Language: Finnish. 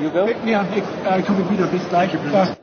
You go? Ja, ich, äh, ich komme wieder. Bis gleich. Ja.